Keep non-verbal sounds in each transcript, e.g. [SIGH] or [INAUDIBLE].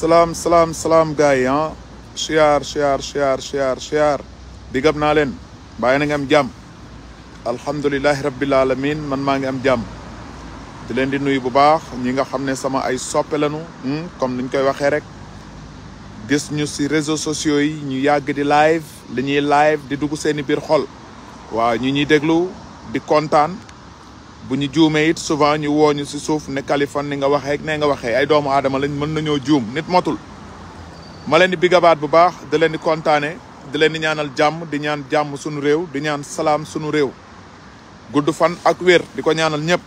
salaam salaam salaam gars yi ah siyaar siyaar siyaar siyaar siyaar digab naa leen bàyyi na nga am jàmm alhamdulilahi rabbil alamin man maa ngi am jàmm di leen di nuyu bu baax ñi nga xam ne sama ay soppe lañu hmm, comme niñ koy waxee rek gis ñu si réseau sociaux yi ñu yàgg di live li ñuy live di dugg seeni biir xol waaw ñu ñuy déglu di kontaan bu ñu juumee it souvent ñu woo ñu si suuf ne Kaliphone ni nga waxee nee nga waxee ay doomu aadama lañ mën nañoo juum nit motul. ma leen di baat bu baax da leen di kontaane di leen di ñaanal jàmm di ñaan jàmm sunu réew di ñaan salaam sunu réew gudd fan ak wér di ko ñaanal ñëpp.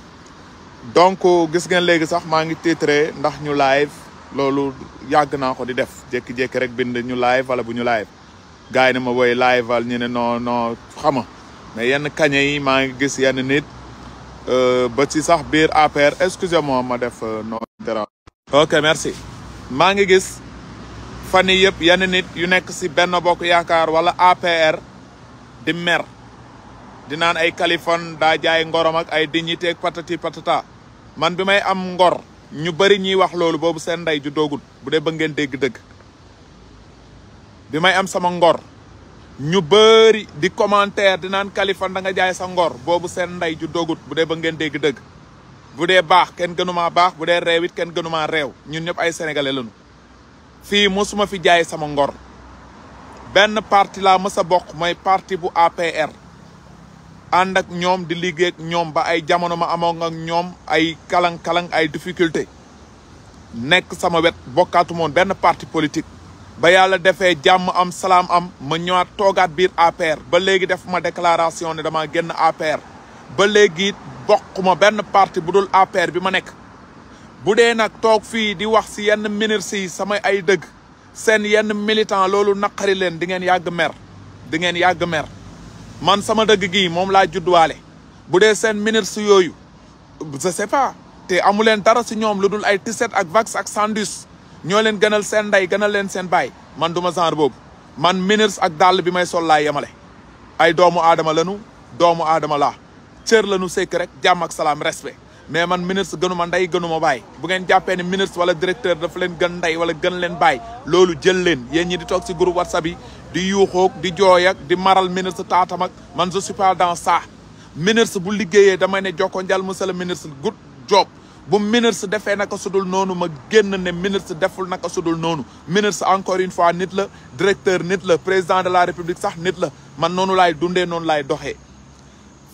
donc gis ngeen léegi sax maa ngi titré ndax ñu live loolu yàgg naa ko di def jékki-jékki rek bind ñu live wala bu ñu live gars yi ne ma woy live wal ñu ne noo non xama mais yenn kañe yi maa ngi gis yenn nit. Euh, ba ci sax biir APR excusez ma def euh, non dara ok merci maa ngi gis fan yii yëpp nit yu nekk si benn bokk yaakaar wala APR di mer di naan ay Kaliphone daa jaay ngorom ak ay dignité ak patati patata man bi may am ngor ñu bëri ñuy wax loolu boobu seen ndey ju doogul bu dee ba ngeen dégg-dëgg bi may am sama ngor ñu bëri di commentaire di naan kalifa da nga jaay sa ngor boobu seen ndey ju dogut bu dee ba ngeen dégg dëgg bu dee baax kenn gënumaa baax bu dee réew it kenn gënumaa réew ñun ñëpp ay sénégalais lañu fii mosuma fi jaay sama ngor benn parti laa mës a bokk mooy parti bu APR ànd ak ñoom di liggéey ak ñoom ba ay jamono ma amoon ak ñoom ay kalang-kalang ay difficulté nekk sama wet bokkaatu benn parti politique ba yàlla defee jàmm am salaam am ma ñëwaat toogaat biir APR ba léegi def ma déclaration ne dama génn APR ba léegi it ma benn parti bu dul APR bi ma nekk bu dee nag toog fii di wax si yenn ministres yi sama ay dëgg seen yenn militant loolu naqari leen di ngeen yàgg mer di ngeen yàgg mer man sama dëgg gii moom laa judduwaale bu dee seen ministres yooyu je pa te amu leen dara si ñoom lu dul ay tiset ak vax ak sandus ñoo leen gënal seen ndey gënal leen seen baay man du ma genre boobu man ministre ak dàll bi may sol laay yemale ay doomu aadama lanu doomu aadama laa cër lanu sekk rek jàmm ak salaam respect mais man ministre gënu ma ndey gënu ma baay bu ngeen jàppee ne ministre wala directeur dafa leen gën ndey wala gën leen baay loolu jël leen yéen ñi di toog si groupe whatsapp yi di yuuxoog di jooy ak di maral ministre taatam ak man je suis pas dans ça ministre bu liggéeyee damay ne jokko njal monsieur le ministre good job bu ministre defee naka sudul noonu ma génn ne ministre deful naka sudul noonu ministre encore une fois nit la directeur nit la président de la république sax nit la man noonu laay dundee noonu laay doxee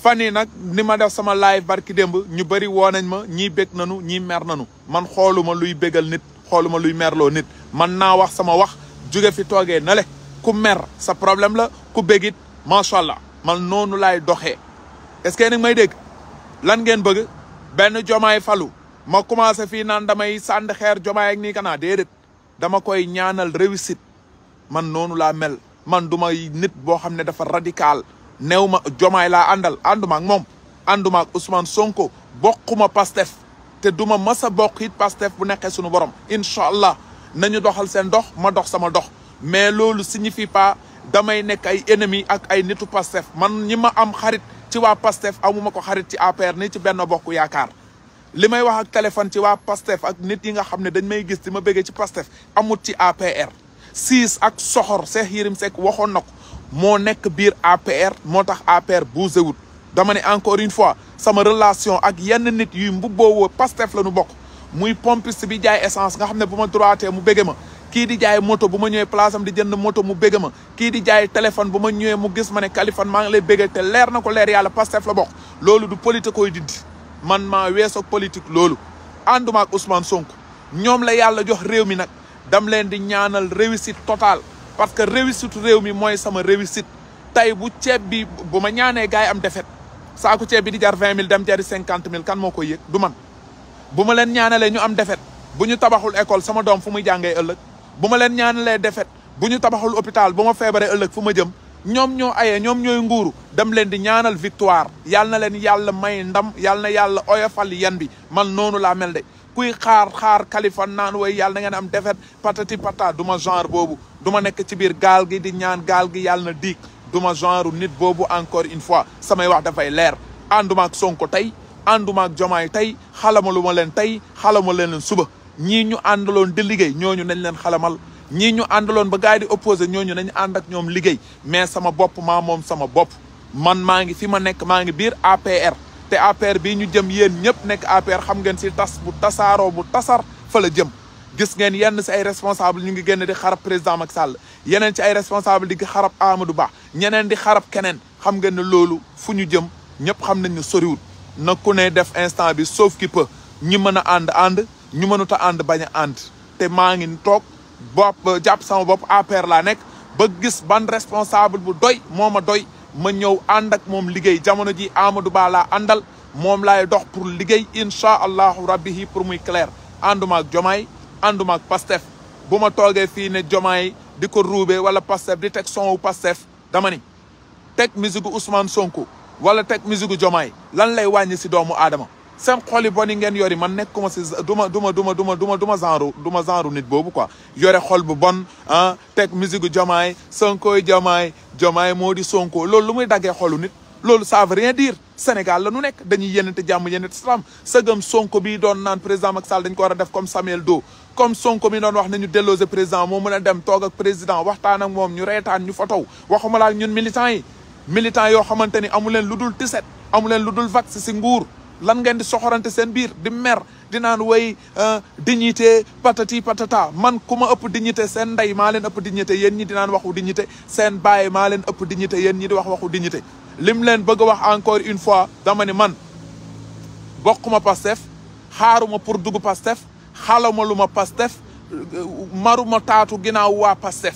fan yi nag ni ma def sama live barki demb ñu bëri woo nañ ma ñii bég nanu ñii mer nanu man xooluma luy bégal nit xooluma luy merloo nit man naa wax sama wax jóge fi toogee na le ku mer sa problème la ku bégit macha allah man noonu laay doxee est-ce que nag may dégg lan ngeen bëgg benn jomaay falu ma commencé fii naan damay sand xeer jomaay ak nii kanaa déedéet dama koy ñaanal réussite man noonu laa mel man du ma nit boo xam ne dafa radikal néew ma jomaay laa àndal ànduma ak moom ànduma ak Ousmane Sonko bokkuma pastef te duma mas a bokk it pastef bu nekkee suñu borom incha allah nañu doxal seen dox ma dox sama dox mais loolu signifie pas damay nekk ay ennemi ak ay nitu pastef man ñi ma am xarit ci waa pastef amuma ko xarit ci APR ni ci benn bokk yaakaar li may wax ak téléphone ci waa Pastef ak nit yi nga xam ne dañ may gis di ma bëggee ci Pastef amut ci APR siis ak soxor Cheikh Yérim Seck waxoon na ko moo nekk biir APR moo tax APR bougéwut dama ne encore une fois sama relation ak yenn nit yuy mbubboowoo Pastef la ñu bokk muy pompiste bi jaay essence nga xam ne bu ma droitee mu bëgge ma kii di jaay moto bu ma ñëwee place di jënd moto mu bëgg ma kii di jaay téléphone bu ma ñëwee mu gis ma ne Kaliphone maa ngi lay bëgg leer na ko leer yàlla Pastef la bokk loolu du politique koy dindi man maa weesoog politique loolu ànduma ak Ousmane Sonko ñoom la yàlla jox réew mi nag dam leen di ñaanal réussite totale parce que réussite réew mi mooy sama réussite tey bu ceeb bi bu ma ñaanee gars yi am defet saaku ceeb bi di jar vingt mille dem jari cinquante mille kan moo ko yëg du man bu ma leen ñaanalee ñu am defet bu ñu tabaxul école sama doom fu muy jàngee ëllëg bu ma leen ñaanalee defet bu ñu tabaxul hôpital bu ma feebaree ëllëg fu ma jëm ñoom ñoo ayee ñoom ñooy nguuru dem leen di ñaanal victoire yal na leen yàlla may ndam yal na yàlla oyofal yan bi man noonu laa mel de kuy xaar xaar Khalifa naan way yàlla na ngeen am defet patati pata du ma genre boobu duma nekk ci biir gaal gi di ñaan gaal gi yàlla na diig duma ma genre nit boobu encore une fois samay wax dafay leer ànduma ak Sonko tey ànduma ak Jomaay tey xalamaluma leen tey xalama leen suba ñii ñu àndaloon di liggéey ñooñu nañ leen xalamal ñii ñu àndaloon ba gars yi di opposé ñooñu nañu ànd ak ñoom liggéey mais sama bopp maa moom sama bopp man maa ngi fi ma nekk maa ngi biir APR te APR bii ñu jëm yéen ñëpp nekk APR xam ngeen si tas bu tasaaroo bu tasar fa la jëm gis ngeen yenn si ay responsable ñu ngi génn di xarab président Macky Sall yeneen ci ay responsable di xarab Amadou baax ñeneen di xarab keneen xam ngeen ne loolu fu ñu jëm ñëpp xam nañ ñu soriwul na ku ne def instant bi sauf qui peut ñi mën a ànd ànd ñu mënut a ànd bañ a ànd te maa ngi toog bopp euh, jàpp sama bopp APR laa nekk ba gis ban responsable bu doy moo ma doy ma ñëw ànd ak moom liggéey jamono ji Amadou Ba laa àndal moom lay dox pour liggéey incha allahu rabbihi pour muy clair ànduma ak jomaay ànduma ak pastef bu ma toogee fii ne jomaay di ko ruube wala pastef di teg sonwu pastef dama ni teg musique gu Ousmane wala teg musique gu jomaay lan lay wàññi si doomu aadama seen xol yi yi ngeen yori man nekk nekkuma si duma duma duma duma duma duma genre duma genre nit boobu quoi yore xol bu bon ah teg musique gu Diomaye Sonkoy Diomaye Diomaye moo di Sonko loolu lu muy daggee xolu nit loolu ça veut rien dire Sénégal la nu nekk dañuy yenente jàmm yenente salaam sëgëm Sonko bi doon naan président Macky Sall dañ ko war a def comme Samuel Doe comme Sonko mi doon wax nañu délogé président moo mën a dem toog ak président waxtaanak ak moom ñu reetaan ñu fotow ñun militants yi yoo xamante ni amu leen lu dul tiset amu leen lu dul vax si nguur lan ngeen di soxorante seen biir di mer di naan way euh, dignité patati patata man ku ma ëpp dignité seen ndey maa leen di dignité yéen ñi di naan waxu dignité seen baay maa leen ëpp dignité yéen ñi di wax waxu dignité lim leen bëgg wax encore une fois dama ne man bokkuma Pastef xaaruma pour dugg Pastef xalama lu ma Pastef euh, maruma taatu ginnaaw waa Pastef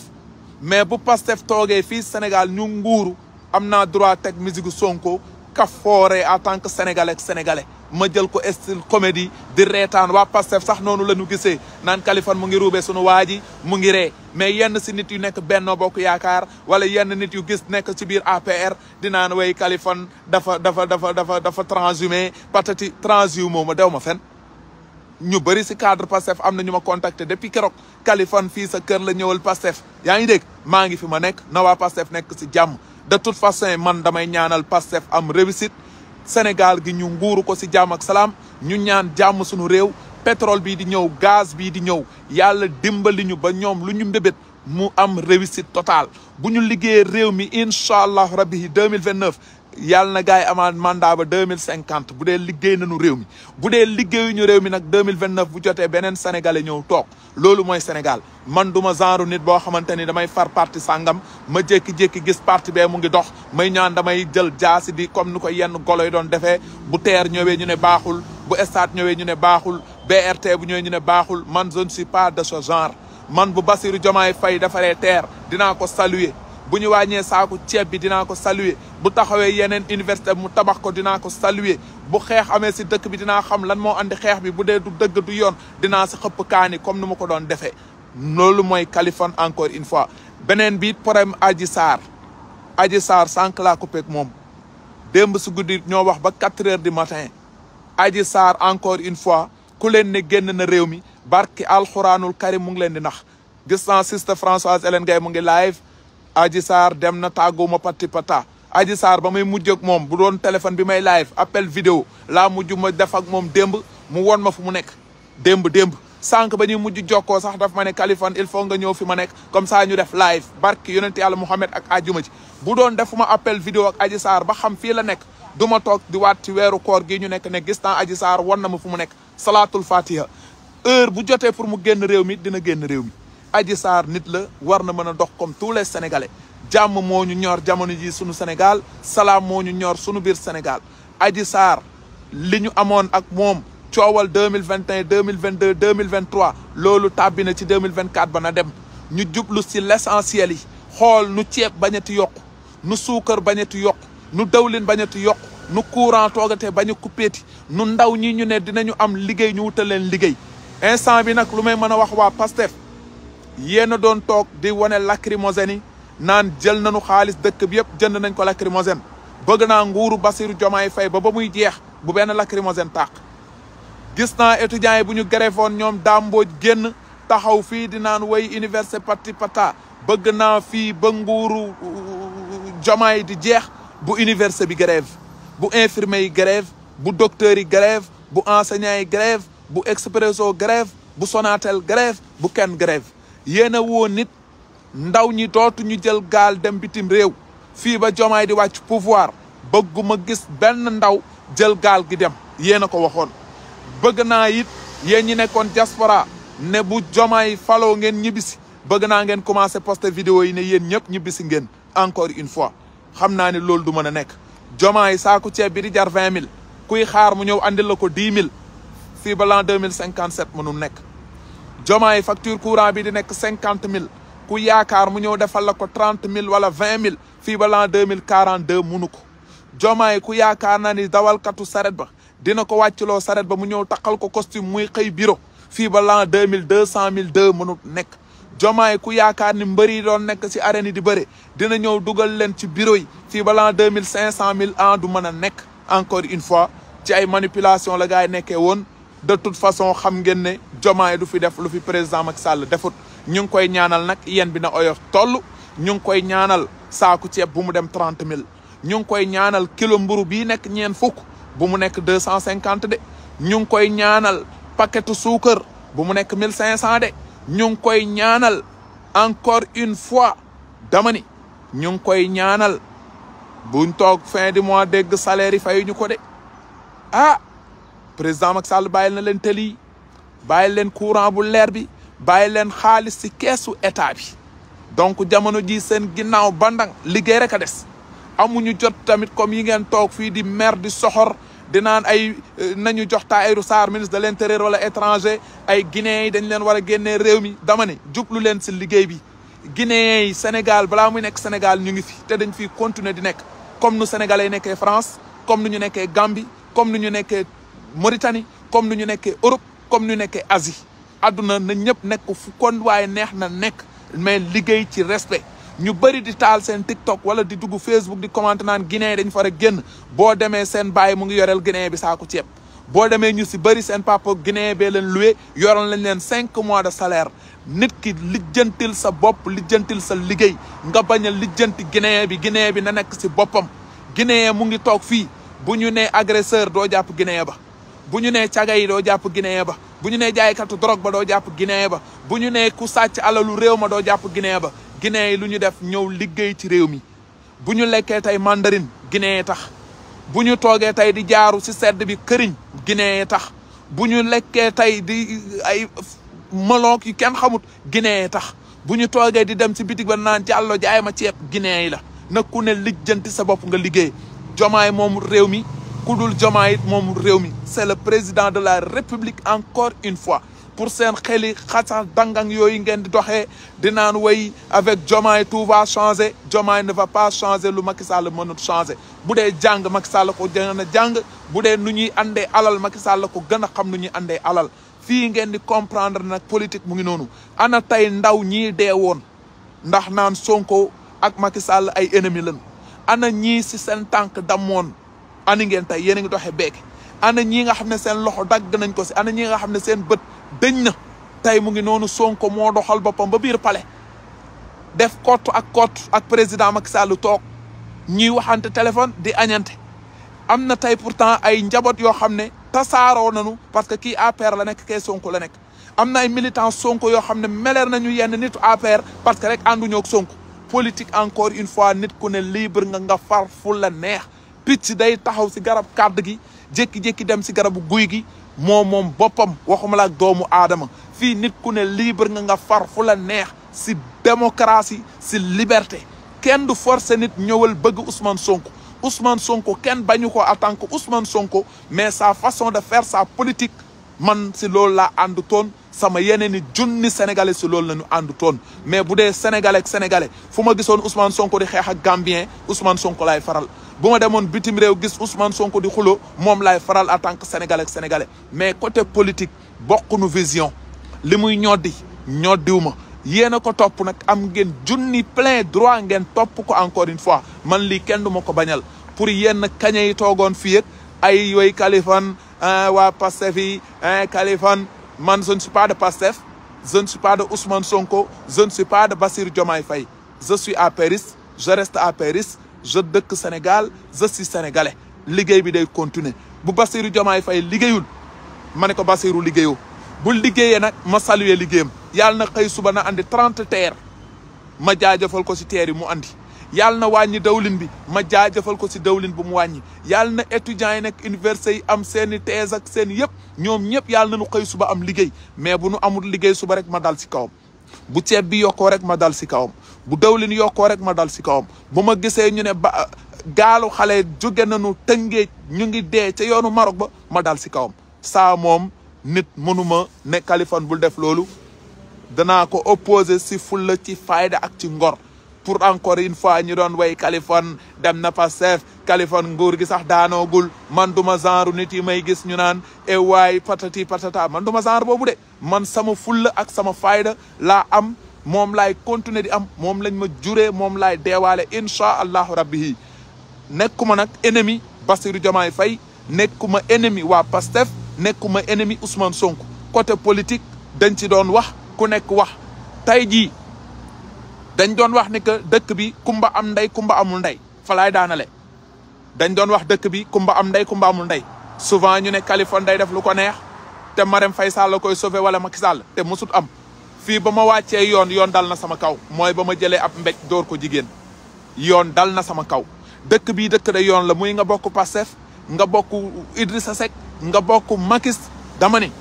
mais bu Pastef toogee fii Sénégal ñu nguuru am naa droit teg musique Sonko kaffooree en tant que sénégalais sénégalais ma jël ko style comédie di reetaan waa Pastef sax noonu la ñu gisee naan Kaliphone mu ngi ruubee sunu waa ji mu ngi ree mais yenn si nit yu nekk Benno Bokk Yaakaar wala yenn nit yu gis nekk si biir APR di naan way Kaliphone dafa dafa dafa dafa dafa transhumé patati transhumé ma dew ma fen ñu bëri si cadre Pastef am na ñu ma contacter depuis keroog Kaliphone fii sa kër la ñëwal Pastef yaa ngi dégg maa ngi fi ma nekk na waa Pastef nekk si jàmm de toute façon man damay ñaanal Pastef am réussite Sénégal gi ñu nguuru ko si jàmm ak salaam ñu ñaan jàmm suñu réew pétrole bii di ñëw gaz bii di ñëw yàlla dimbali ñu ba ñoom lu ñu mbébét mu am réussite total bu ñu liggéeyee réew mi incha allah rabbi 2029 yàlla na gars yi amaat mandat ba deux mille cinquante bu dee liggéey nañu réew mi bu dee liggéey ñu réew mi nag deux mille vingt neuf bu jotee beneen sénégalais ñëw toog loolu mooy Sénégal man du genre nit boo xamante ni damay far parti sàngam ma jékki-jékki gis parti bee mu ngi dox may ñaan damay jël jaasi di comme nu ko yenn golo doon defee bu teer ñëwee ñu ne baaxul bu stade ñëwee ñu ne baaxul BRT bu ñëwee ñu ne baaxul man je suis pas de so genre man bu Bassirou Diomaye fay defaree teer dinaa ko saluer bu ñu wàññee saaku ceeb bi dinaa ko saluer bu taxawee yeneen université mu tabax ko dinaa ko saluer bu xeex amee si dëkk bi dinaa xam lan moo andi xeex bi bu dee du dëgg du yoon dinaa si xëpp kaani comme ni ma ko doon defee loolu mooy Kaliphone encore une fois beneen bi problème aji Sarr Adji Sarr sànq laa coupé moom démb si guddi ñoo wax ba quatre heures du matin Adji Sarr encore une fois ku leen ne génn na réew mi barki alxuraanul karim mu ngi leen di nax gis naa siste Françoise Hélène Gaye mu ngi live Adji saar dem na tàgguma pati pata Adji saar ba may mujj ak moom bu doon téléphone bi may live appel vidéo laa mujj ma def ak moom démb mu won ma fu mu nekk demb demb sànq ba ñuy mujj jokkoo sax daf ma ne kalifan il faut nga ñëw fi ma nekk comme ça ñu def live barke yonent yàlla Mouhamed ak ajuma ci bu doon defuma appel vidéo ak Adji saar ba xam fii la nekk du ma toog di waat ci weeru koor gi ñu nekk ne gis naa saar Sarr na ma fu mu nekk salaatul fatiha heure bu jotee pour mu génn réew mi dina génn réew mi Adji Sarr nit la war na mën a dox comme tout les sénégalais jàmm moo ñu ñor jamono ji sunu Sénégal salaam moo ñu ñor sunu biir Sénégal Adji Sarr li ñu amoon ak moom coowal deux mille vingt et deux mille vingt deux deux mille vingt trois loolu tàbbi na ci deux mille vingt quatre ba na dem ñu jublu si l' essentiel yi xool nu ceeb bañati yokku nu suukar bañati yokku nu dawlin bañati yokk nu courant toogatee bañ a kuppeeti nu ndaw ñi ñu ne dinañu am liggéey ñu wutal leen liggéey instant bi nag lu may mën a wax waa PASTEF. yéen a doon toog di wane lacrymogène naan jël nañu xaalis dëkk bi yëpp jënd nañ ko lacrymogène bëgg naa nguuru Bassirou Diomaye fay ba ba muy jeex bu benn lacrymogène tàq gis naa étudiants yi bu ñu gréfoon ñoom dàmbooj génn taxaw fii di naan woy université parti pata bëgg naa fii ba nguuru euh, Diomaye di jeex bu université bi grève bu infirmier yi grève bu docteur yi grève bu enseignant yi grève bu expresso grève bu sonatel grève bu kenn grève yéen a woo nit ndaw ñi dootuñu jël gaal dem bitim réew fii ba jomaay di wàcc pouvoir bëgguma gis benn ndaw jël gaal gi dem yéen a ko waxoon bëgg naa it yéen ñi nekkoon diaspora ne bu jomaay faloo ngeen ñibbisi bëgg naa ngeen commencé posté vidéo yi ne yéen ñëpp ñibbisi ngeen encore une fois xam naa ne loolu du mën a nekk jomaay saaku ceeb bi di jar vingt mille kuy xaar mu ñëw andil la ko dix mille fii ba l'an deux mille cinquante sept mënul nekk jomaay facture courant bi di nekk cinquante mille ku yaakaar mu ñëw defal la ko trente mille wala vingt mille fii ba l'an deux mille quarante deux munu ko jomaay ku yaakaar naa ni dawalkatu saret ba dina ko wàccloo saret ba mu ñëw taxal ko costume muy xëy bureau fii ba l'an deux mille deux cent mille deux mënut nekk jomaay ku yaakaar ni mbëri doon nekk ci arène yi di bëre dina ñëw dugal leen ci bureau yi fii ba l'an deux mille cinq cent mille an du mën a nekk encore une fois ci ay manipulation la gars yi nekkee woon de toute façon xam ngeen ne jomaay du fi def lu fi président Macky Sall defut ñu ngi koy ñaanal nag yéen bi na oyof toll ñu ngi koy ñaanal saaku ceeb bu mu dem trente mille ñu ngi koy ñaanal kilo mburu bii nekk ñeen fukk bu mu nekk deux cent cinquante de ñu ngi koy ñaanal paketu suukar bu mu nekk mille cinq cent de ñu ngi koy ñaanal encore une fois dama ni ngi koy ñaanal buñ toog fin du mois dégg salaire yi ñu ko de ah président Macky Sall bàyyil na leen teli bàyyil leen courant bu leer bi bàyyil leen xaalis ci keesu état bi donc jamono ji seen ginnaaw bandang liggéey rek a des amuñu jot tamit comme yi ngeen toog fii di maire di soxor di naan ay euh, nañu jox Tahirou Sarr ministre de l'intérieur wala étranger ay guinéens dañ leen war a génnee réew mi dama jublu leen si liggéey bi guinéens yi Sénégal balaa muy nekk Sénégal ñu ngi fi te dañ fiy continuer di nekk comme nu sénégal yi nekkee France comme nu ñu nekkee Gambie comme nu ñu nekkee Mauritanie comme nu ñu nekkee Europe comme nu nekkee Asie àdduna na ñëpp nekk fu kon waaye neex na nekk mais liggéey ci respect ñu bëri di taal seen TikTok wala di dugg Facebook di commenter naan Guinée dañu far a génn boo demee seen baay mu ngi yoreel Guinée bi saako ceeb boo demee ñu si bëri seen papa Guinée bee leen loué yoral lañ leen cinq mois de salaire nit ki lijjantil sa bopp lijjantil sa liggéey nga bañ a lijjanti Guinée bi Guinée bi na nekk si boppam Guinée mu ngi toog fii bu ñu nee agresseur doo jàpp Guinée ba bu ñu nee caga yi doo jàpp Guinée ba bu ñu nee jaaykatu drogue ba doo jàpp Guinée ba bu ñu nee ku sàcc alalu réew ma doo jàpp Guinée ba Guinée yi lu ñu def ñëw liggéey ci réew mi bu ñu lekkee tey mandarine Guinée tax bu ñu toogee tey di jaaru si sedd bi këriñ Guinée tax bu ñu lekkee tey di eh, ay melon yi kenn xamut Guinée tax bu ñu toogee di dem ci bitig ba naan ci jàllo jaay ma ceeb Guinée yi la nag ne lijjanti sa bopp nga liggéey jomaay moom réew mi ku dul jomaa moom réew mi c'est le président de la république encore une fois pour seen xeli xasax dangang yooyu ngeen di doxee di naan way avec jomaay tout va changer jomaay ne va pas changer lu Macky Sall mënut changer bu dee jàng Macky Sall ko gën a jàng bu dee nu ñuy andee alal Macky Sall ko gën a xam nu ñuy andee alal fii ngeen di comprendre nag politique mu ngi noonu ana tey ndaw ñi dee woon ndax naan Sonko ak Macky Sall ay ennemi lañu ana ñii si seen tànk damoon ana ngeen tey yéen a ngi doxee beek ana ñi nga xam ne seen loxo dagg nañ ko si ana ñi nga xam ne seen bët dëñ na tey mu ngi noonu Sonko moo doxal boppam ba biir palais def kot ak kott ak président Macky lu toog ñuy waxante téléphone di añante am na tey pourtant ay njaboot yoo xam ne tasaaroo nañu parce que kii APR la nekk kee Sonko la nekk am na ay militant Sonko yoo xam ne meleer nañu yenn nitu APR parce que rek ànduñoo ak Sonko politique encore une fois nit ku ne libre nga nga far fu la neex picc day taxaw si garab kàdd gi jékki-jékki dem si garabu guy gi moo moom boppam waxuma la ak doomu aadama fii nit ku ne libre nga nga far fu la neex si démocratie si liberté kenn du forcer nit ñëwal bëgg Ousmane Sonko Ousmane Sonko kenn bañu ko à tank que Ousmane Sonko mais sa façon de faire sa politique man si loolu laa ànd toon sama yeneen i junni sénégalais si loolu la ñu ànd toon mais bu dee sénégalais ak sénégalais fu ma gisoon Ousmane Sonko di xeex ak Gambien Ousmane Sonko laay faral. bu ma demoon bitim réew gis Ousmane Sonko di xulo moom laay faral en tant que sénégalais sénégalais mais côté politique bokkunu vision li muy ñoddi ñoddiwu ma yéen a ko topp nag am ngeen junni plein droit ngeen topp ko encore une fois man lii kenn du ko bañal pour yenn kañe yi toogoon fii ak ay yooyu Kaliphone waa Pastef yi Kaliphone man je ne suis pas de Pastef je ne suis pas de Ousmane Sonko je ne suis pas de Bassirou Diomaye Faye je à Paris je reste à Paris je dëkk Sénégal je suis sénégalais liggéey bi day continuer bu Bassirou Diomaye fay liggéeyul ma ne ko Bassirou liggéeyoo bu liggéeyee nag ma saluer liggéeyam yàlla na xëy suba na andi trente terre ma jaajëfal ko si terre yi mu andi yàlla na wàññi dawlin bi ma jaajëfal ko si dawlin bu mu wàññi yàlla na étudiants yi nekk université yi am seen i ak seen yëpp ñoom ñëpp yàlla na nu xëy suba am liggéey mais bu nu amul liggéey suba rek ma dal si kawam bu ceeb bi yokkoo rek ma dal si kawam bu dawlin yokkoo rek ma dal si kawam bu ma gisee ñu ne ba gaalu xale jóge nañu tëngéej ñu ngi dee ca yoonu Maroc ba ma dal si kawam saa moom nit mënuma ne Kaliphone bul def loolu danaa ko opposé si fulla ci fayda ak ci ngor pour encore une fois ñu doon way Kaliphone dem na Pastef Kaliphone nguur gi sax daanoogul man duma genre nit yi may gis ñu naan e waay patati patata man duma genre boobu de man sama fulla ak sama fayda laa am moom laay continuer di am moom lañ ma juree moom laay deewaale incha allahu rabbihi nekkuma nag ennemi Bassirou Diomaye Faye nekkuma ennemi waa Pastef nekkuma ennemi Ousmane Sonko côté politique dañ ci doon wax ku nekk wax tey jii dañ doon wax ne que dëkk bi kumba am ndey kumba amul ndey falaay daanale dañ doon wax dëkk bi kumba am ndey kumba amul ndey souvent ñu ne Kaliphone day def lu ko neex te Marème Faye Sall la koy sove wala Macky Sall te mosut am fii ba ma wàccee yoon yoon dal na sama kaw mooy ba ma jëlee ab mbéj dóor ko jigéen yoon dal na sama kaw dëkk bii dëkk da yoon la muy nga bokk Pastef nga bokk sa Seck nga bokk Macky dama ni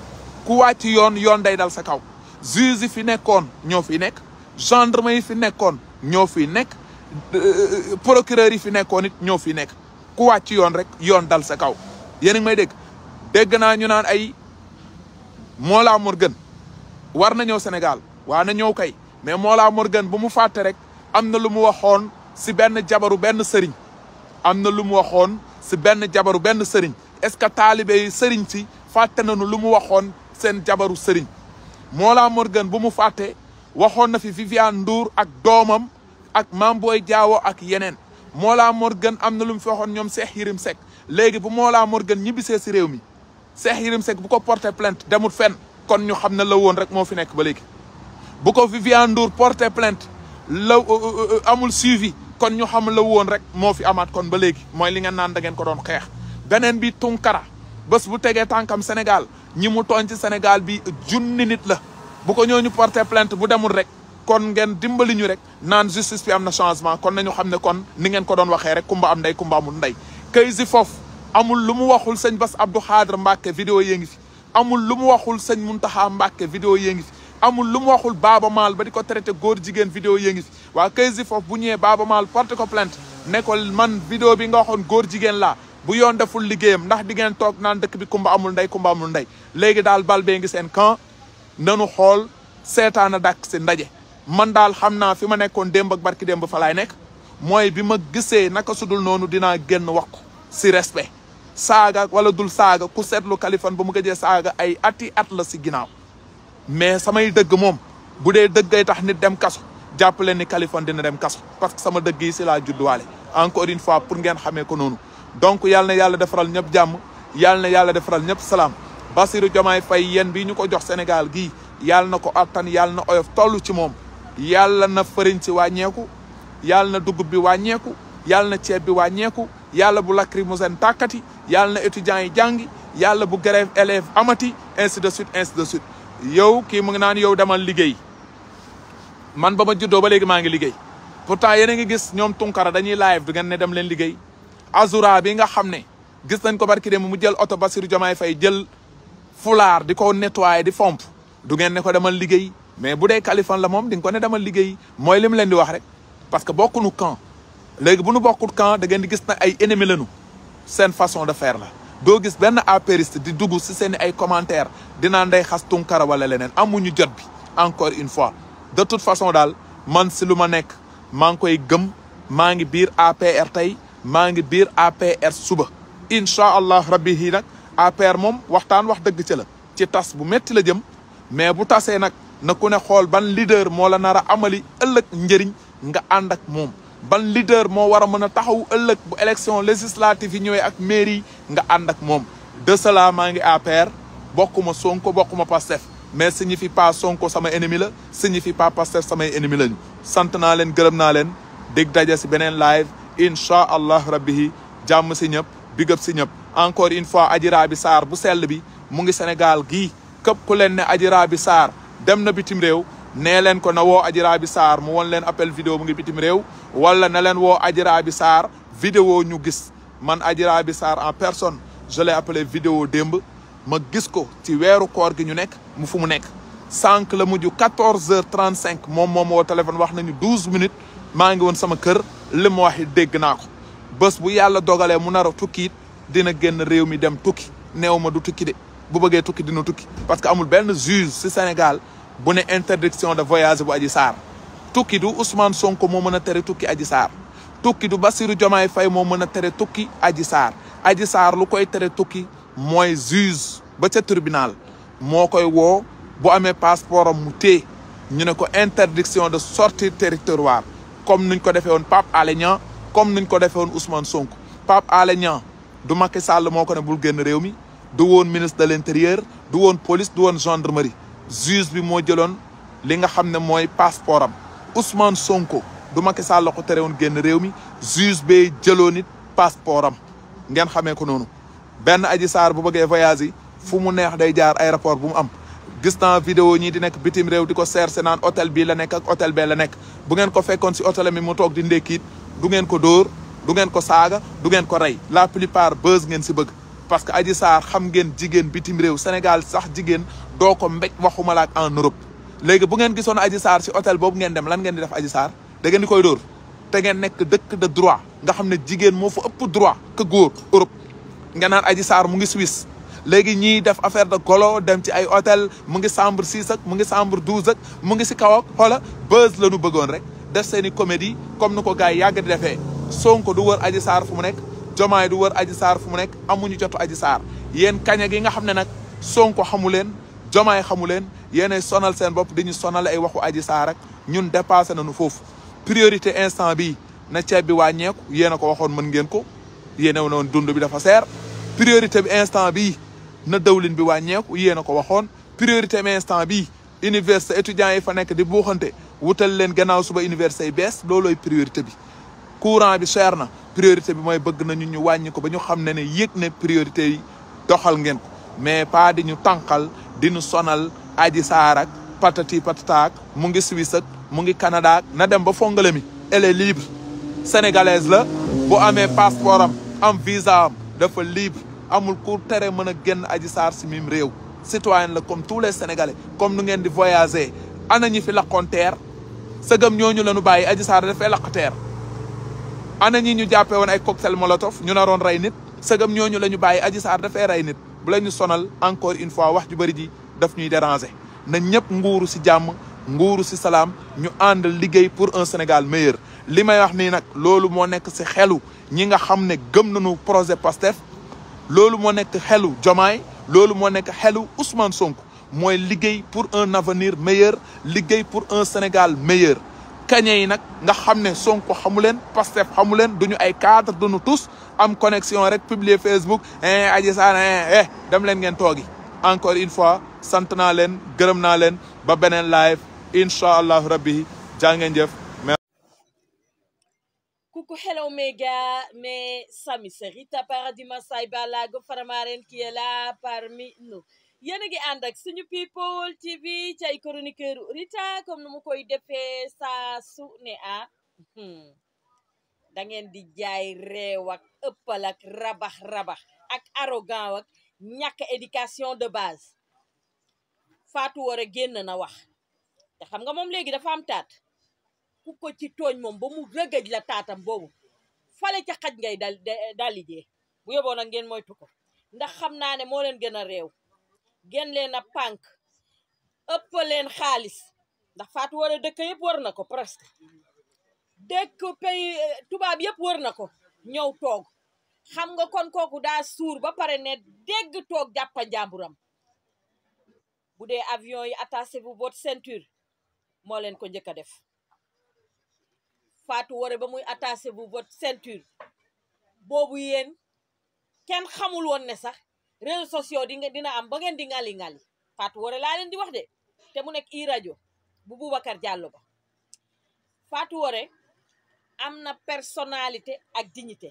ku wàcc yoon yoon day dal sa kaw juge yi fi nekkoon ñoo fi nekk gendarme yi fi nekkoon ñoo fi nekk euh, euh, procureur yi fi nekkoon it ñoo fi nekk ku wàcc yoon rek yoon dal sa kaw yéen may dégg dégg naa ñu naan ay Mollah gën war na ñëw Sénégal waa na ñëw kay mais Mollah Morgun bu mu fàtte rek am na lu mu waxoon si benn jabaru benn sëriñ am na lu mu waxoon si benn jabaru benn sëriñ est-ce que taalibe yi sëriñ si fàtte nañu lu mu waxoon seen jabaru sëriñ Mollah Morgun bu mu fàtte waxoon na fi Viviane Ndour ak doomam ak Mame Boye Diao ak yeneen Mollah Morgun am na lu mu fi waxoon ñoom seex Yérim sek léegi bu Mollah Morgun ñibbisee si réew mi Cheikh Yérim Seck bu ko porté plainte demut fenn kon ñu xam ne la woon rek moo fi nekk ba léegi bu ko Viviane Ndour porté plainte la euh, euh, euh, amul suivi kon ñu xam la woon rek moo fi amaat kon ba léegi mooy li ngeen naan da ngeen ko doon xeex beneen bi Tunkara bés bu tegee tànkam Sénégal ñi mu tooñ ci Sénégal bi junni nit la bu ko ñooñu porté plainte bu demul rek kon ngeen dimbali ñu rek naan justice bi am na changement kon na nañu xam ne kon ni ngeen ko doon waxee rek kumba am ndey kumba amul ndey kay si foofu amul lu mu waxul sëñ Bass Abdou Khadre Mbacké vidéo yée ngi fi amul lu mu waxul sëñ Muntaxa Mbàkke vidéo yee ngi fi amul lu mu waxul Baaba Maal ba di ko traité góor jigéen vidéo yee ngi fi waa Kayz Fof bu ñëwee Baaba Maal porte ko plainte nekkoon ko man vidéo bi nga waxoon góor jigéen laa bu yoon deful liggéeyam ndax di ngeen toog naan dëkk bi kumba amul ndey kumba amul ndey léegi daal bal bee ngi seen camp nanu xool seetaan a dàkk si ndaje man daal xam naa fi ma nekkoon démb ak barki démb fa laay nekk mooy bi ma gisee naka sudul noonu dinaa génn wax ko si respect saaga wala dul saaga ku seetlu Kaliphone ba mu gëjee saaga ay ati at la si ginnaaw mais samay dëgg moom bu dee dëgg dëggay tax nit dem kaso jàpp leen ni Kaliphone dina dem kaso parce que sama dëgg yi si laa judduwaale encore une fois pour ngeen xamee ko noonu donc yàlla na yàlla defaral ñëpp jàmm yàlla na yàlla defaral ñëpp salaam Bassirou Diomaye fay yen bi ñu ko jox Sénégal gii yàlla na ko attan yàlla na oyof tollu ci moom yàlla na fëriñ si wàññeeku yàlla na dugub bi wàññeeku yàlla na ceeb bi wàññeeku yàlla bu lacrymogène tàkkati yàlla na étudiants yi jàngi yàlla bu grève élève amati ainsi de suite ainsi de suite yow kii mu ngi naan yow demal liggéey man ba ma juddoo ba léegi maa ngi liggéey pourtant yéen a ngi gis ñoom Tunkara dañuy live du ngeen ne dem leen liggéey Azura bi nga xam ne gis nañ ko barki dem mu jël oto Bassirou Diomaye fay jël fulaar di ko nettoyer di fomp du ngeen ne ko demal liggéey mais bu dee Kaliphone la moom di nga ko ne demal liggéey mooy li mu leen di wax rek parce que bokkuñu camp léegi bu nu bokkul camp da ngeen di gis na ay ennemis lañu seen façon de faire la doo gis benn apériste di dugg si seen ay commentaire dinaa ndey xas tunkara wala leneen amuñu jot bi encore une fois de toute façon daal man si lu ma nekk maa ngi koy gëm maa ngi biir APR tey maa ngi biir APR suba incha allah rabbi hii nag APR moom waxtaan wax dëgg ci la ci tas bu métti la jëm mais bu tasee nag na ku ne xool ban leader moo la nar a amali ëllëg njëriñ nga ànd ak moom ban leader moo war a mën a taxaw ëllëg bu élection législative yi ñëwee ak mairie nga ànd ak moom de maa ngi APR bokkuma Sonko bokkuma Pastef mais signifie pas Sonko sama ennemi la signifie pas Pastef samay ennemi lañu sant naa leen gërëm naa leen dig daje si beneen live incha allah rabbihi jàmm si ñëpp big up si ñëpp encore une fois Adji bi saar bu sell bi mu ngi Sénégal gii këpp ku leen ne Adji bi saar dem na bitim réew nee leen ko na woo Adji Raby Sarr mu won leen appel vidéo mu ngi bitim réew wala na leen woo Adji Raby Sarr vidéo ñu gis man Adji Raby Sarr en personne je l'ai appelé vidéo démb ma gis ko ci weeru koor gi ñu nekk mu fu mu nekk sànq la mujj 14 heures cinq moom moom woo téléphone wax nañu 12 minutes maa ngi woon sama kër li mu wax dégg naa ko bés bu yàlla dogalee mu nar a dina génn réew mi dem tukki néew ma du tukki de bu bëggee tukki dina tukki parce que amul benn juge ci Sénégal bu ne interdiction de voyage bu Adji Sarr tukki du Ousmane Sonko moo mën a tere tukki Adji Sarr tukki du Bassirou Diomaye fay moo mën a tere tukki Adji Sarr Adji Sarr lu koy tere tukki mooy juge ba ca tribinal moo koy woo bu amee passeport am mu téye ñu ne ko interdiction de sortie territoire comme nuñ ko defee woon Pape Alé Niang comme nuñ ko defee woon Ousmane Sonko Pape Alé Niang du Macky Sall moo ko ne bul génn réew mi du woon ministre de l'intérieur du woon police du woon gendarmerie juge bi moo jëloon li nga xam ne mooy passeport am Ousmane Sonko du Macky Sall la ko tere woon génn réew mi juge be jëloon it passeport am ngeen xamee ko noonu benn aji saar bu bëggee voyage yi fu mu neex day jaar aéroport bu mu am gis naa vidéo ñii di nekk bitim réew di ko seerse naan hôtel bi la nekk ak hôtel bee la nekk bu ngeen ko fekkon si hôtel mi mu toog di ndékkiit du ngeen ko dóor du ngeen ko saaga du ngeen ko rey la plupart buzz ngeen si bëgg parce que Adji Sarr xam ngeen jigéen bitim réew Sénégal sax jigéen doo ko mbéj waxuma ak en Europe léegi bu ngeen gisoon Adji Sarr si hôtel boobu ngeen dem lan ngeen di def Adji Sarr da ngeen koy dóor te ngeen nekk dëkk de droit nga xam ne jigéen moo fa ëpp droit que góor Europe nga naan Adji Sarr mu ngi Suisse léegi ñiy def affaire de golo dem ci ay hôtel mu ngi chambre six ak mu ngi chambre douze ak mu ngi si kaw ak xoola buzz la ñu bëggoon rek def seen i comme ni ko gars yi yàgg di defee Sonko du wër Adji fu mu nekk jomaay du war aji saar fu mu nekk amuñu jotu aji saar yéen kaña gi nga xam ne nag sonko xamu leen jomaay xamu leen yéenay sonal seen bopp di ñu sonal ay waxu aji saar ak ñun dépassé nañu foofu priorité instant bi na ceeb bi wàññeeku yéen a ko waxoon mën ngeen ko yéen a dund bi dafa seer priorité bi instant bi na dawlin bi wàññeeku yéen a ko waxoon priorité bi instant bi universe étudiants yi fa nekk di buuxante wutal leen gannaaw suba université bees loolooy priorité bi courant bi cher na priorité bi mooy bëgg nañu ñu wàññi ko ba ñu xam ne ne yéeg ne priorité yi doxal ngeen ko mais pas di ñu tànqal di ñu sonal aji saar ak patati patataak mu ngi Suisse ak mu ngi Canada na dem ba fongale mi elle est libre sénégalaise la bu amee passeport am am visa am dafa libre amul ku tere mën a génn aji saar si mim réew citoyenne la comme tous les sénégalais comme nu ngeen di voyager ana ñi fi laqoon teer sëgëm ñooñu la ñu bàyyi aji saar dafay laq teer ana ñi ñu jàppee woon ay cocktail molotov ñu naroon rey nit sëgam ñooñu la ñu bàyyi Adji saar dafay rey nit bu la ñu sonal encore une fois wax ju bëri ji daf ñuy déranger na ñëpp nguuru si jàmm nguuru si salaam ñu ànd liggéey pour un Sénégal meilleur. li may wax nii nag loolu moo nekk si xelu ñi nga xam ne gëm nañu projet PASTEF loolu moo nekk xelu Jomaay loolu moo nekk xelu Ousmane Sonko mooy liggéey pour un avenir meilleur liggéey pour un Sénégal meilleur. kañe yi nag nga xam ne Sonko xamu leen Pastef xamu leen duñu ay cadre duñu tous am connexion rek publier Facebook eh, eh, eh dem leen ngeen toogi encore une fois sant naa leen gërëm naa leen ba beneen live incha allahu rabbi jaa ngeen jëf. Coucou, hello mes gars, mes amis, c'est Rita Paradis Masai Balago Faramaren qui est parmi nous. yéen a ngi ànd ak suñu people TV ci ay chroniqueur Rita comme nu mu koy defee saa su ne ah hmm. da ngeen di jaay réew ak ëppal ak rabax rabax ak arrogant ak ñàkk éducation de base Fatou Wara génn na wax te xam nga moom léegi dafa am taat ku ko ci tooñ moom ba mu rëgëj la taatam boobu fale ca xaj ngay dal dalijee bu yóboo nag ngeen moytu ko ndax xam naa ne moo leen gën a réew gën leen a pànk ëpp leen xaalis ndax faatu ware dëkk yëpp wër na ko presque dëkk pays tubaab yëpp wër na ko ñëw toog xam nga kon kooku daa suur ba pare ne dégg toog jàppa njàmburam bu dee avion yi attachez bu votre ceinture moo leen ko njëkk a def faatu Wore ba muy attacé bu votre ceinture boobu yéen kenn xamul woon ne sax réseaux sociaux di nga dina am ba ngeen di ngali ngali Fatou Woré laa leen di wax de te mu nekk i rajo bu Boubacar Diallo ba Fatou Woré am na personnalité ak dignité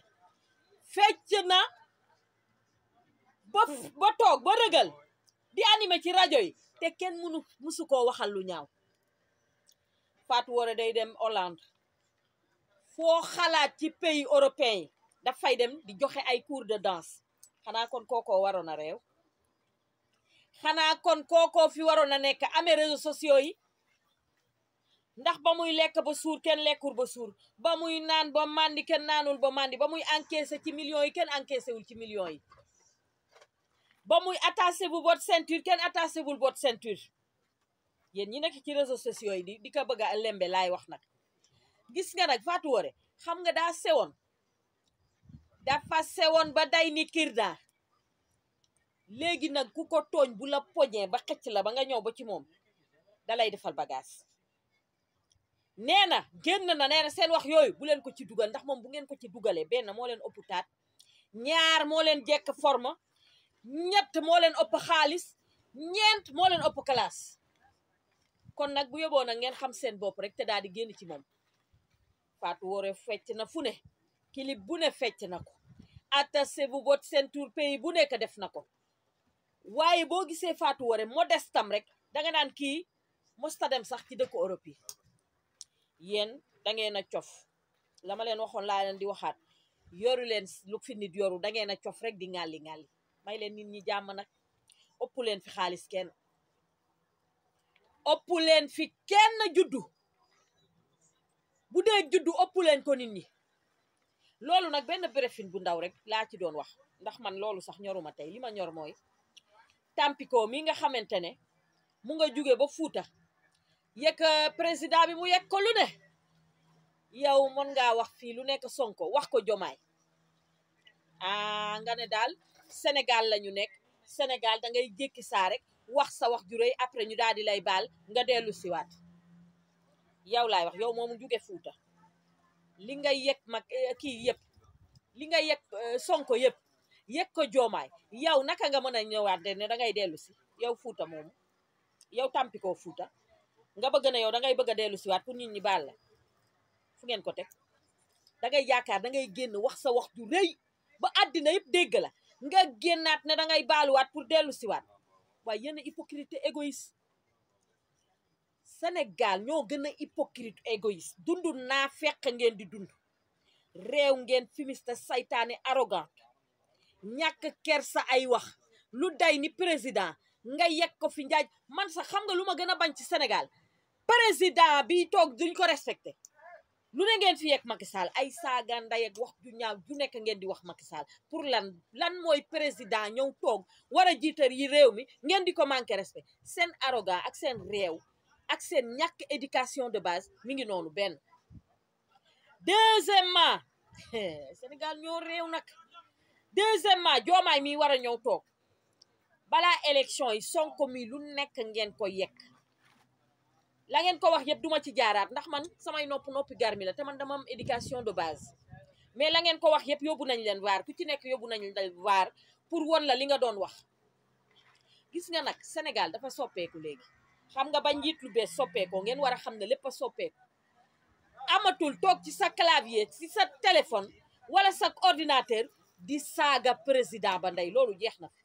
fecc na ba ba toog ba rëgal di animé ci rajo yi te kenn mënu mësu waxal lu ñaaw Fatou Woré day dem Hollande foo xalaat ci pays européen yi dafay dem di joxe ay cours de danse xanaa kon kookoo waroon a réew xanaa kon kookoo fi waroon a nekk amee réseaux sociaux yi ndax ba muy lekk ba suur kenn lekkul ba suur ba muy naan ba màndi kenn naanul ba màndi ba muy encaissé ci million yi ken encaissé wul ci millions yi ba muy attaché bu boot ceinture kenn attaché wul boot ceinture yéen ñi nekk ci réseaux sociaux yi di di ko bëgg lembe laay wax nag gis nga nag Fatou wore xam nga daa sewoon dafa sewoon ba day ni kirdaa léegi nag ku ko tooñ bu la ba xëcc la ba nga ñëw ba ci moom dalay defal bagage nee na génn na nee na seen wax yooyu bu leen ko ci dugal ndax moom bu ngeen ko ci dugalee benn moo leen ëpp taat ñaar moo leen jekk forme ñett moo leen ëpp xaalis ñeent moo leen ëpp classe kon nag bu yóbboo na ngeen xam seen bopp rek te daal di génn ci moom Fatou Woré fecc na fu ne kilib bu ne fecc na ko attase bu bot seen pays bu nekk def na ko waaye boo gisee Fatou Woré modestam rek danga naan kii mosta dem sax ci dëkku Europe yi yéen da ngeen a cof la ma leen waxoon laa leen di waxaat yoru leen lu fi nit yoru da ngeen a cof rek di ngàlli ngàlli may leen nit ñi jàmm nag ëpp leen fi xaalis kenn ëpp leen fi kenn juddu bu dee juddu ëpp leen ko nit ñi loolu nag benn brefin bu ndaw rek laa ci doon wax ndax man loolu sax ñoruma tey li ma ñor mooy Tampico mi nga xamante ne mu nga jóge ba Fuuta yekk président bi mu yekk ko lu ne yow mën ngaa wax fii lu nekk Sonko wax ko Jomaay ah nga ne daal Sénégal la ñu nekk Sénégal da ngay jékki saa rek wax sa wax ju rëy après ñu daal di lay baal nga dellu siwaat yow laay wax yow moomu juge Fuuta li ngay yeg mag eh, kii yëpp li nga yeg eh, Sonko yëpp yeg ko Joomaay yow naka nga mën a ñëwaat de ne dangay dellu si yow Fuuta moomu yow tàmpikoo Fuuta nga bëgg na yow dangay bëgg a dellu si waat pour nit ñi baal la fu ngeen ko teg dangay yaakaar dangay génn wax sa wax ju rëy ba addina yëpp dégg la nga génnaat ne dangay baaluwaat pour dellu si waat waaye yéen hypocrite égoïste Sénégal ñoo gën a hypocrite égoïste dundu naa fekk ngeen di dund réew ngeen fumiste saytaane arrogante ñàkk kersa ay wax lu day ni président nga yegg ko fi njaaj man sax xam nga lu ma gën a bañ ci Sénégal président bi toog duñ ko respecté lu ne ngeen fi yegg makisal ay saaga nday ak wax ju ñaaw ju nekk ngeen di wax makisal Sall pour lan lan mooy président ñëw toog war a jiitar yi réew mi ngeen di ko manqué respect seen arrogant ak seen réew ak seen ñàkk éducation de base mi ngi noonu benn deuxièmement [LAUGHS] Sénégal ñoo réew nag deuxièmement joomaay mi war a ñëw toog balaa élection yi sonko mi lu nekk ngeen ko yekk la ngeen ko wax yëpp duma ci jaaraat ndax man samay nopp noppi garmi la te man dama am éducation de base mais la ngeen ko wax yëpp yóbbu nañ leen waar ku ci nekk yóbbu nañ leen waar pour won la li nga doon wax gis nga nag Sénégal dafa soppeeku léegi xam nga ba njiit lu bees soppeekoo ngeen war a xam ne lépp a soppeeku amatul toog ci sa clavier ci sa téléphone wala sa ordinateur di saaga président ba ndey loolu jeex na fi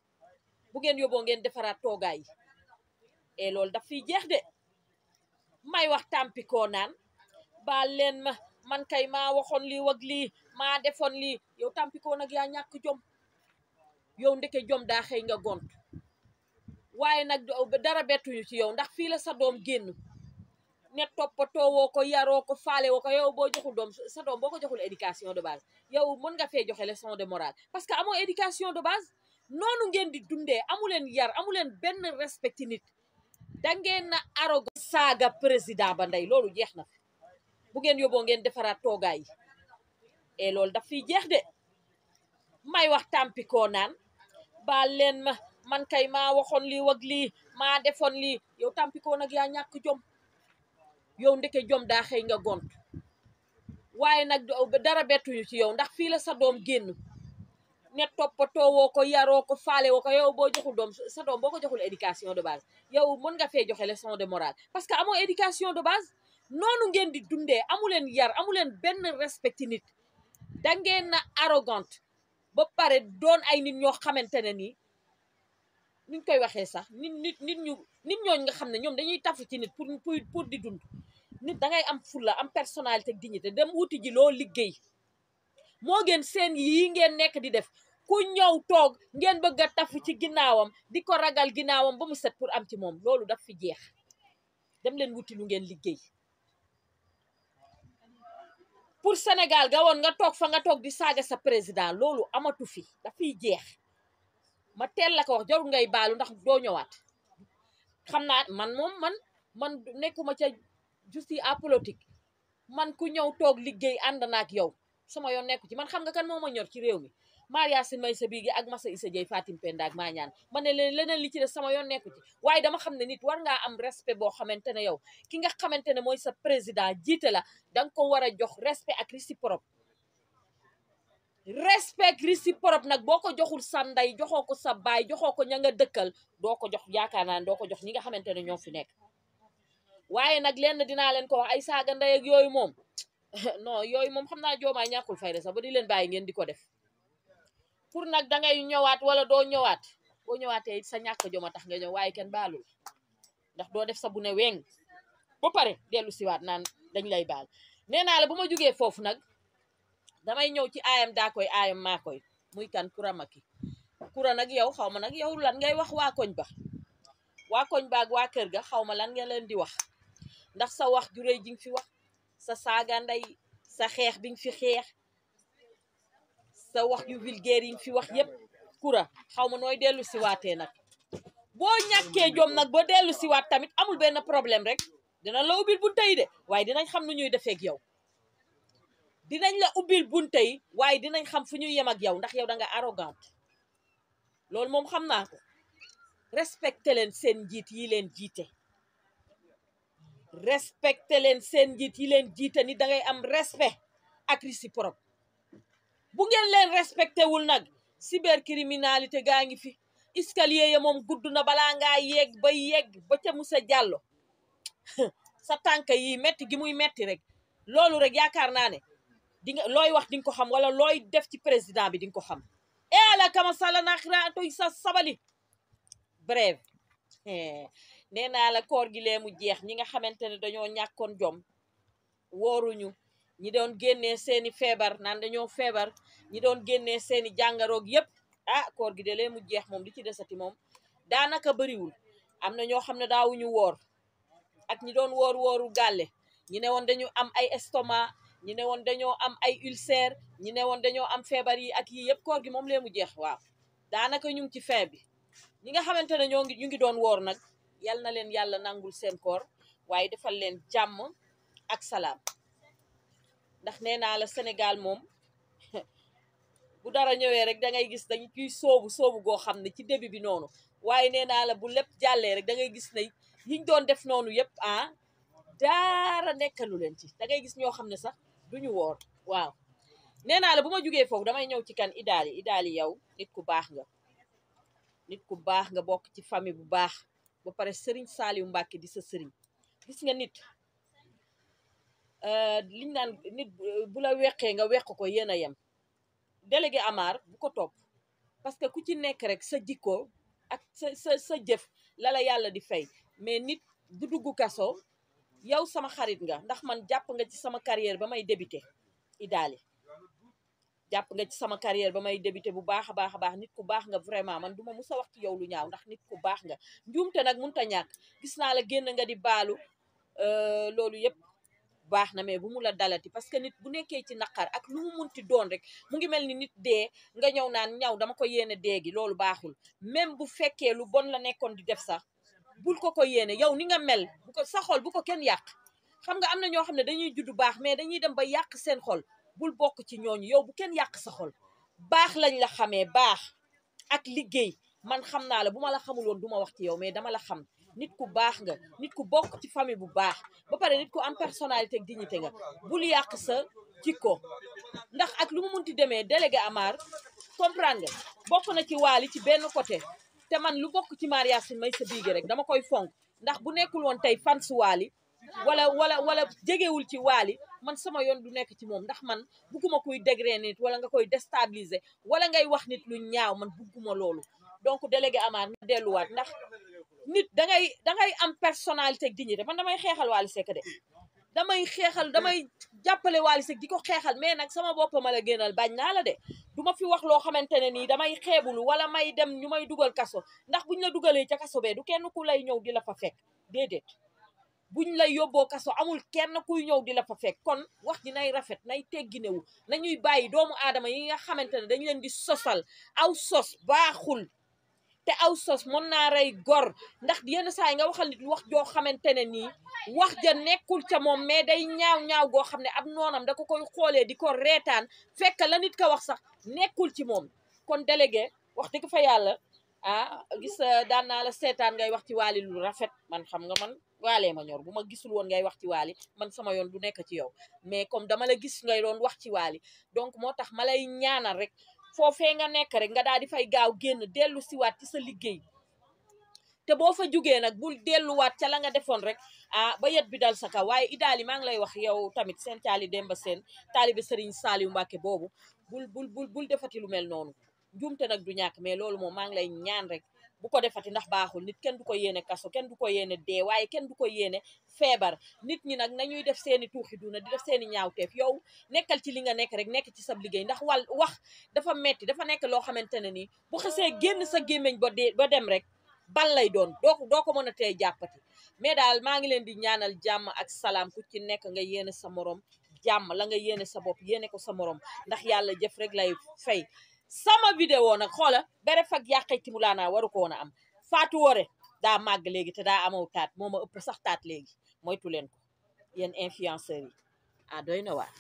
bu ngeen yóbboo ngeen defaraat toogaay yi et loolu daf fi jeex de may wax tàmpikoo naan baal leen ma man kay maa waxoon lii wag lii maa defoon lii yow tàmpikoo nag yaa ñàkk jom yow ndeke jom daa xëy nga gont waaye nag dara bettuñu ci yow ndax fii la sa doom génn ne toppatoo woo ko yaroo ko faale woo ko yow boo joxul doom sa doom boo ko joxul éducation de base yow mën nga fee joxe leçon de morale parce que amoo éducation de base noonu ngeen di dundee amu leen yar amuleen benn respect nit da ngeen na arogo saaga président ba ndey loolu jeex na bu ngeen yóbboo ngeen defaraat toogaay yi et loolu daf fiy jeex de may wax tàmpikoo naan leen ma man kay maa waxoon lii wag lii maa defoon lii yow tampikoon nag yaa ñàkk jom yow ndeke jom daa xëy nga gont waaye nag dara bettuñu ci yow ndax fii la sa doom génn ne toppatoo woo ko yaroo ko faale woo ko yow boo joxul doom sa doom boo ko joxul éducation de base yow mën nga fee joxe leçon de morale parce que amoo éducation de base noonu ngeen di dundee amuleen yar amuleen benn respect nit da ngeen na arrogante ba pare doon ay nit ñoo xamante ne nii nuñ koy waxee sax nit nit nit ñu nit ñooñ nga xam ne ñoom dañuy tafu ci nit pour pour pour di dund nit dangay am la am personnalité ak dignité dem wuti ji loo liggéey moo gën seen yii ngeen nekk di def ku ñëw toog ngeen bëgg a tafu ci ginnaawam di ko ragal ginnaawam ba mu set pour am ci moom loolu daf fi jeex dem leen wuti lu ngeen liggéey pour Sénégal ga woon nga toog fa nga toog di saaga sa président loolu amatu fi dafiy jeex ma teel la ko wax ngay baalu ndax doo ñëwaat xam naa man moom man man nekkuma ca justice apolitique man ku ñëw toog liggéey ànd na ak yow sama yoon nekku ci man xam nga kan moo ma ñor ci réew mi Maria ma Maysa Biége ak Massa Issa Dieye Fatim Penda ak maa ñaan ma ne leen leneen li ci des sama yoon nekku ci waaye dama xam ne nit war ngaa am respect boo xamante ne yow ki nga xamante ne mooy sa président jiite la danga ko war a jox respect ak réciproque respect réciproque nag boo ko joxul sa ndey joxoo ko sa baay joxoo ko ña nga dëkkal doo ko jox yaakaar naa ne doo ko jox ñi nga xamante ne ñoo fi nekk waaye nag lenn dinaa leen ko wax ay saaga ndey yooyu moom [LAUGHS] no yooyu moom xam naa joomaay ñàkkul fayda sax ba di leen bàyyi ngeen di ko def pour nag da ngay ñëwaat wala doo ñëwaat boo ñëwaatee sa ñàkk joma tax nga ñëw waaye kenn baalul ndax doo def sa bu ne weng ba pare dellu siwaat naan dañ lay baal nee naa la ma jugee foofu nag damay ñëw ci ayam daa koy aayam maa koy muy kan kura maki kura nag yow xaw ma nag yow lan ngay wax waa koñ ba waa koñ ba ak waa kër ga xaw ma lan nga leen di wax ndax sa wax ju rëy ji nga fi wax sa saaga ndey sa xeex bi nga fi xeex sa wax yu vulgaire yi nga fi wax yépp kura xaw ma nooy dellu si waatee nag boo ñàkkee jom nag ba dellu siwaat tamit amul benn problème rek dina la ubbil bu tey de waaye dinañ xam nu ñuy defeek yow dinañ la ubbil bunte yi waaye dinañ xam fu ñu yem ak yow ndax yow danga nga arrogante loolu moom xam naa ko respecté leen seen njiit yi leen jiite respecté leen seen njiit yi leen jiite ni dangay am respect ak réciproque bu ngeen leen respecté wul nag cybercriminalité gaa ngi fi escalier ya moom gudd na balaa ngaa yegg ba yegg ba ca Musa Jàllo [LAUGHS] sa tànk yi metti gi muy metti rek loolu rek yaakaar naa ne di nga looy wax di nga ko xam wala looy def ci président bi di nga ko xam e eh, ala kama sala naxira atoy sa sabali bref eh, nee naa la koor gi lee mu jeex ñi nga xamante ne dañoo ñàkkoon jom wooruñu ñi doon génne seeni feebar naan dañoo feebar ñi doon génnee seeni jàngaroog yépp ah kor gi de lee mu jeex moom li ci desati moom daanaka bëriwul am na ñoo xam ne daawuñu woor ak ñi doon woor wooru gàlle ñi ne woon dañu am ay estomac ñi ne woon dañoo am ay ulcère ñi ne woon dañoo am feebar yi ak yii yépp koor gi moom lee mu jeex waaw daanaka ñu ngi ci fin bi ñi nga xamante ne ñoo ngi ñu ngi doon woor nag yal na leen yàlla nangul seen koor waaye defal leen jàmm ak salaam ndax ne naa la Sénégal moom [LAUGHS] bu dara ñëwee rek dangay gis dañu ciy soobu soobu goo xam ne ci début bi noonu waaye nee naa bu lépp jàllee rek da ngay gis ne yiñ doon def noonu yëpp ah daara nekkalu leen ci dangay gis ñoo xam ne sax ñu woor waaw nee naa la bu ma jugee foofu damay ñëw ci kan idaali idaali yow nit ku baax nga nit ku baax nga bokk ci famille bu baax ba pare sëriñ Saaliw Mbàkke di sa sëriñ gis nga nit euh, liñ naan nit euh, bu la weqee nga weq ko yéen a yem délégué Amar bu ko topp parce que ku ci nekk rek sa jikko ak sa sa sa jëf lala yàlla di fay mais nit du dugg kaso yow sama xarit nga ndax man jàpp nga ci sama carrière ba may débuté Idaly jàpp nga ci sama carrière ba may débuté bu baax a baax a baax nit ku baax nga vraiment man duma musa wax ci yow lu ñaaw ndax nit ku baax nga njuumte nag mënut a ñàkk gisnaa naa la génn nga di baalu euh, loolu yëpp baax na mais bu mu la dalati parce que nit bu nekkee ci naqar ak lu mu munti doon rek mu ngi mel ni nit dee nga ñëw naan ñaw dama ko yéene dee loolu baaxul même bu fekkee lu bon la nekkoon di def sax bul ko ko yéene yow ni nga mel bu ko sa xol bu ko kenn yàq xam nga am na ñoo xam ne dañuy juddu baax mais dañuy dem ba yàq seen xol bul bokk ci ñooñu yow bu kenn yàq sa xol baax lañ la xamee baax ak liggéey man xam naa la bu ma la xamul woon ma wax ci yow mais dama la xam nit ku baax nga nit ku bokk ci famille bu baax ba pare nit ku am personnalité ak dignité nga bul yàq sa ko ndax ak lu mu munti demee délégué Amar comprendre nga bokk na ci waali ci benn côté te man lu bokk ci Maria Yacine may sa biige rek dama koy fonk ndax bu nekkul woon tey fan su waali wala wala wala jegewul ci waali man sama yoon du nekk ci moom ndax man bugguma kuy dégré nit wala nga koy déstabiliser wala ngay wax nit lu ñaaw man bugguma loolu donc délégué Amar na delluwaat ndax nit da ngay da ngay am personnalité ak dignité man damay xeexal Wally Seck de damay xeexal damay jàppale Wally di ko xeexal mais nag sama bopp ma la génnal bañ naa la de du ma fi wax loo xamante ne nii damay xeebulu wala may dem ñu may dugal kaso ndax bu ñu la dugalee ca kaso bee du kenn ku lay ñëw di la fa fekk déedéet buñ lay yóbboo kaso amul kenn kuy ñëw di la fa fekk kon wax ji nay rafet nay na ñuy bàyyi doomu aadama yi nga xamante ne dañ leen di sosal aw sos baaxul te aw sos mën naa rey gor ndax yenn saa yi nga waxal nit wax joo xamante ne nii wax ja nekkul ca moom mais day ñaaw ñaaw goo xam ne ab noonam da ko koy xoolee di ko reetaan fekk la nit ka wax sax nekkul ci moom kon délégué wax dëgg fa yàlla ah gis euh, daan naa la seetaan ngay wax ci waali lu rafet man xam nga man waalee ma ñor bu ma gisul woon ngay wax ci waali man sama yoon du nekk ci yow mais comme dama la gis ngay loon wax ci waali donc moo tax ma lay ñaanal rek foo fee nga nekk rek nga daal di fay gaaw génn dellu siwaat ci sa liggéey te boo fa jugee nag bul delluwaat ca la nga defoon rek ah ba yet bi dal sa kaw waaye idaali maa ngi lay wax yow tamit seen caali Demba Seen taalibe Sëriñ Saaliw Mbàkke boobu bul bul bul bul defati lu mel noonu njuumte nag du ñàkk mais loolu moom maa ngi lay ñaan rek bu ko defati ndax baaxul nit kenn du ko yéene kaso kenn du ko yéene dee waaye kenn du ko yéene feebar nit ñi nag na ñuy def seeni tuuxi duna di def seeni ñaawteef yow nekkal ci li nga nekk rek nekk ci sab liggéey ndax wal wax dafa metti dafa nekk loo xamante ne nii bu xasee génn sa gémmiñ ba dee ba dem rek bal lay doon doo doo ko mën a tey jàppati mais daal maa ngi leen di ñaanal jàmm ak salaam ku ci nekk nga yéene sa moroom jàmm la nga yéene sa bopp yéene ko sa morom ndax yàlla jëf rek lay fay sama vidéo nag xoola bere fag yàqay ti mu laanaa waru ko woon a am Fatou Woré daa màgg léegi te daa amaw taat moo ma ëpp sax taat léegi moytu leen ko yéen influenceurs yi ah doy na waar